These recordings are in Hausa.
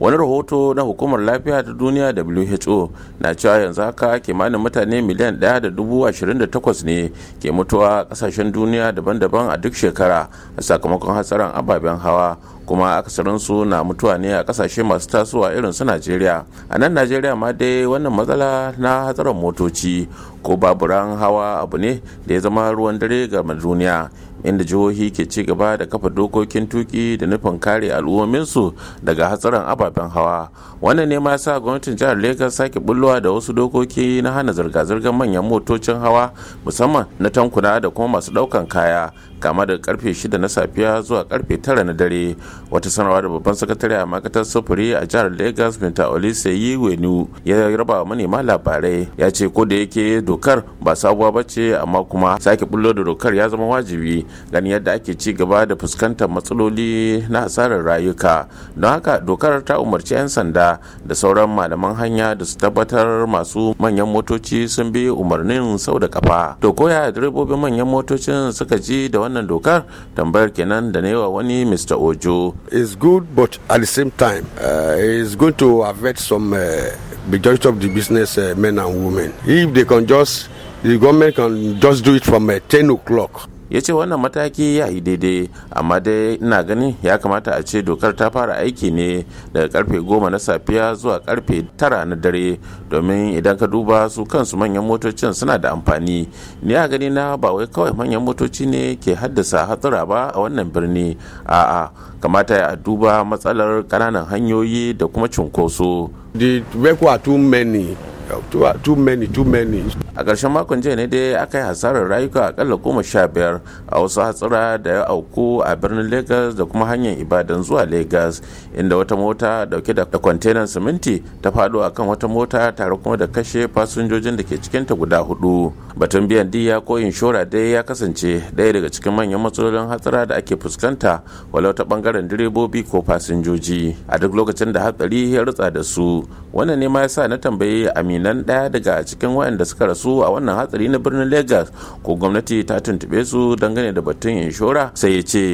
wani rahoto na hukumar lafiya ta duniya who na cewa yanzu haka kimanin mutane miliyan 1.28 ne ke mutuwa kasashen duniya daban-daban a duk shekara a sakamakon hatsarin ababen hawa kuma su na mutuwa ne a kasashe masu tasowa irin su najeriya a nan najeriya ma dai wannan matsala na hatsarin motoci ko baburan hawa abu ne da ya zama ruwan dare ga duniya inda jihohi ke ci gaba da kafa dokokin tuki da nufin kare al'ummominsu daga hatsarin ababen hawa wannan ne ma sa gwamnatin jihar lagos sake bullowa da wasu dokoki na hana zirga-zirgar manyan motocin hawa musamman na tankuna da kuma masu daukan kaya kama da karfe 6 na safiya zuwa karfe 9 na dare wata sanarwa da babban sakatare a makatar sufuri a jihar lagos binta olise yi wenu ya raba wa manema labarai ya ce ko da yake dokar ba sabuwa ba ce amma kuma sake bullo da dokar ya zama wajibi ganin yadda ake ci gaba da fuskantar matsaloli na hasarar rayuka don haka dokar ta umarci 'yan sanda da sauran malaman hanya da su tabbatar masu manyan motoci sun bi umarnin sau da kafa to koya direbobin manyan motocin suka ji da wannan dokar tambayar kenan da na yi wa wani mr ojo It's good, but at the same time, uh, it's going to affect some uh, majority of the business uh, men and women. If they can just, the government can just do it from uh, 10 o'clock ya ce wannan mataki ya yi daidai amma dai ina gani ya kamata a ce dokar ta fara aiki ne daga karfe goma na safiya zuwa karfe tara na dare domin idan ka duba su kansu manyan motocin suna da amfani ni a gani na ba wai kawai manyan motoci ne ke haddasa hatsura ba a wannan birni a'a kamata ya duba matsalar ƙananan hanyoyi da kuma cunkoso. The were too many Uh, too many too many a ƙarshen makon jiya ne dai aka yi hasarar rayuka akalla goma sha biyar a wasu hatsura da ya auku a birnin lagos da kuma hanyar ibadan zuwa lagos inda wata mota dauke da kwantenan siminti ta faɗo akan wata mota tare kuma da kashe fasinjojin da ke cikinta guda hudu batun biyan diya ko inshora dai ya kasance daya daga cikin manyan matsalolin hatsara da ake fuskanta walau ta bangaren direbobi ko fasinjoji a duk lokacin da hatsari ya rutsa da su wannan ne ma sa na tambayi aminan ɗaya daga cikin waɗanda suka rasu a wannan hatsari na birnin legas ko gwamnati ta tuntuɓe su dangane da batun inshora sai ya ce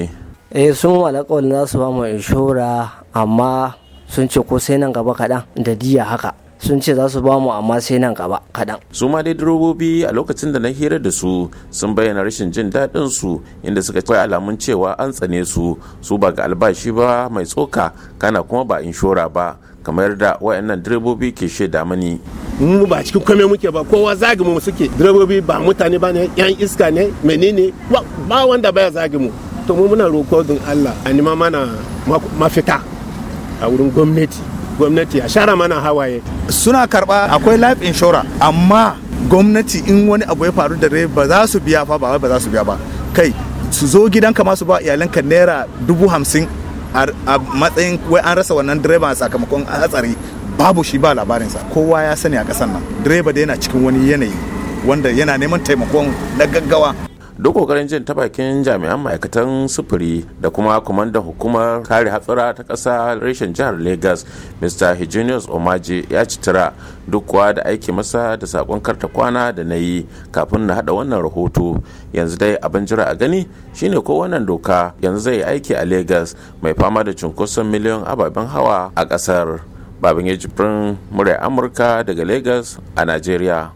eh sun alƙawarin za su ba mu inshora amma sun ce ko sai nan gaba kaɗan da diya haka sun ce za su ba mu amma sai nan gaba kaɗan. su ma dai direbobi a lokacin da na hira da su sun bayyana rashin jin daɗin su inda suka kai alamun cewa an tsane su su ba ga albashi ba mai tsoka kana kuma ba inshora ba kamar da wayannan direbobi ke shaida mani mu ba cikin kome muke ba kowa zagimu mu suke direbobi ba mutane ba ne yan iska ne menene ba wanda baya zagi to mu muna roko don Allah a nima mana mafita a wurin gwamnati gwamnati a share mana hawaye suna karba akwai life insurance amma gwamnati in wani abu ya faru da ba za su biya fa ba ba za su biya ba kai su zo gidanka masu ba iyalanka naira dubu hamsin a matsayin wai an rasa wannan direba sakamakon hatsari babu shi ba labarinsa kowa ya sani a kasan nan direba da yana cikin wani yanayi wanda yana neman taimakon na gaggawa duk kokarin jin ta bakin jami'an ma'aikatan sufuri da kuma kwamandan hukumar kare hatsura ta ƙasa reshen jihar lagos mr hijinius omaji ya citira duk kuwa da aiki masa da sakon karta kwana da na yi kafin na hada wannan rahoto yanzu dai abin jira a gani shine ko wannan doka yanzu zai aiki a lagos mai fama da cunkoson miliyon ababen hawa a ƙasar babin ya murai amurka daga lagos a nigeria